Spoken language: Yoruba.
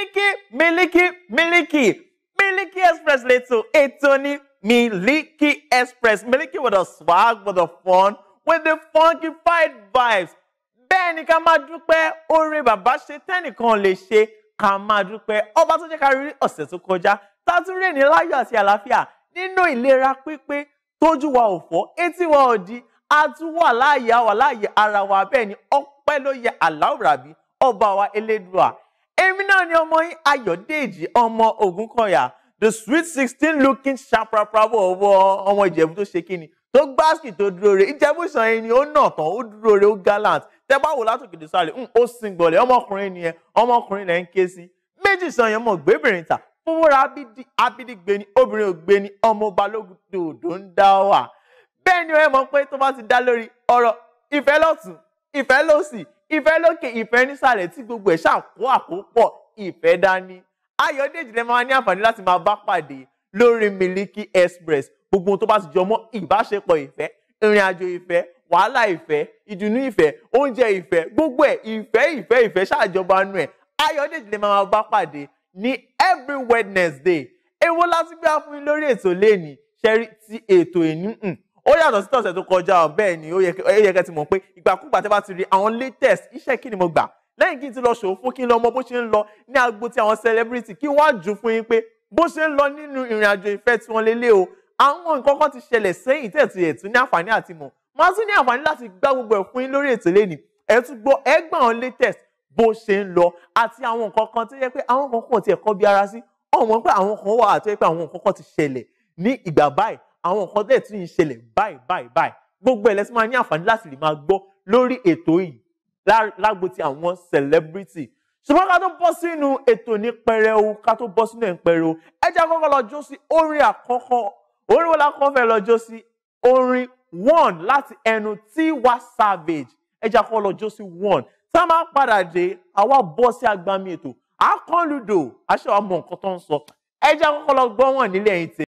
Miliki, miliki, miliki, miliki express lẹ́tọ̀ ètò ní mílíkì express mílíkì with the swag with the fun with the funkified vibes bẹ́ẹ̀ ni ká máa dúpẹ́ oore bàbá ṣe tẹ́nìkan lè ṣe ká máa dúpẹ́ ọba tó jẹ́ ká rí ọ̀sẹ̀ tó kọjá tátúrè ní láyọ̀ àti àlàáfíà nínú ìlera pípé tójú wa ò fọ́ etí wa ò di a tún wà láàyè a wà láàyè ara wa bẹ́ẹ̀ ni ọpẹ́ ló yẹ Allahu Rabbi ọba wa Elédùà náà ni ọmọ yín Ayọ̀dèjì ọmọ Ògúnkọ̀yà the sweet sixteen looking ṣapraprabo ọwọ́ ọmọ Ìjẹ̀bú tó ṣe kíni tó gbásìkì tó dúró re Ìjẹ̀bú Ìṣàn yìí ni ó nà tán ó dúró re ó gallant tẹ bá wò látòkè dé sáré ó sin gbọ̀lẹ̀ ọmọkùnrin nìyẹn ọmọkùnrin lẹ́ ń ké sí méjì Ìṣàn yẹn mọ̀ gbébìnrin ta fúnra abídígbe ni obìnrin ògbé ni ọmọ balógun dòdò ń dá wà bẹ́ẹ̀ ni ẹ mọ̀ pé tó bá ti dá lórí ọ̀rọ̀ ìfẹ́ lọ́tún ìfẹ́ lọ́sì ìfẹ́ lókè ìfẹ́ nísàlẹ̀ tí gbogbo ẹ̀ ṣàkó àkópọ̀ ìfẹ́ dání ayọ̀dèjì lè máa ní àǹfààní láti máa bá pàdé lórí miliki express gbogbo tó bá ti jọmọ́ ìbáṣepọ̀ ìfẹ́ ìrìn àjò ìfẹ́ wàhálà ìfẹ́ ìdùnnú ìfẹ́ oúnjẹ ìfẹ́ gbogbo ẹ̀ ìfẹ́ ìfẹ́ ìfẹ́ ṣàjọba nù ẹ̀ ayọ̀dèjì lè máa bá pàdé ní every wednesday èwo láti gbé fún yín lórí ètò lẹ́ẹ̀ni ṣẹ́rí ti ètò ìní hmm. ó yàtọ̀ sí tọ̀sẹ̀ tó kọjá bẹ́ẹ̀ ni ó yẹ kẹ́ ti mọ̀ pé ìgbàkúgbà tẹ́ bá ti rí àwọn latest iṣẹ́ kí ni mo gbà lẹ́yìn kí n ti lọ ṣòwò fún kí n lọ mọ bó ṣe ń lọ ní agbo ti àwọn celebrity kí wọ́n á jù fún yín pé bó ṣe ń lọ nínú ìrìn àjò ìfẹ́ tí wọ́n lélẹ̀ o àwọn nǹkan kan ti ṣẹlẹ̀ sẹ́yìn tẹ̀ tí ẹ̀ tún ní àǹfààní àti mọ̀ máa tún ní àǹfààní láti gbá gbogbo ẹ̀ fún yín lórí ètò lẹ́nìí ẹ̀ tún gbọ́ ẹgbọ̀n latest bó ṣe ń lọ àti àwọn nǹkan kan tó yẹ pé àwọn kan kò tiẹ̀ kọ́ bí ara sí ọmọ pé àwọn kan wà àti pé àwọn nǹkan ti ṣẹlẹ̀ ní ìgbà báyìí àwọn nǹkan tẹ̀ tún ń ṣẹlẹ̀ báyìí báyìí báyìí gbogbo ẹ̀ lẹ́sìn máa ní àǹfààní láti lè máa gbọ́ lórí ètò yìí lágbo ti àwọn celebrity ṣùgbọ́n ká tó bọ́ sínú ètò ní pẹrẹu ká tó bọ́ sínú ẹ̀ ń pẹrẹu ẹ jẹ́ àkọ́kọ́ lọ jó sí orin àkọ́kọ́ orin wo la kọ́ fẹ́ lọ jó sí orin one láti ẹnu Tiwa Savage ẹ jẹ́ àkọ́kọ́ lọ jó sí one tá a máa padà dé àwa bọ́ sí agbami ètò àkànlùdò àṣẹ nǹkan tó ń sọ ẹ jẹ́ àkọ́kọ́ wọn nílé ẹ̀yìn tè.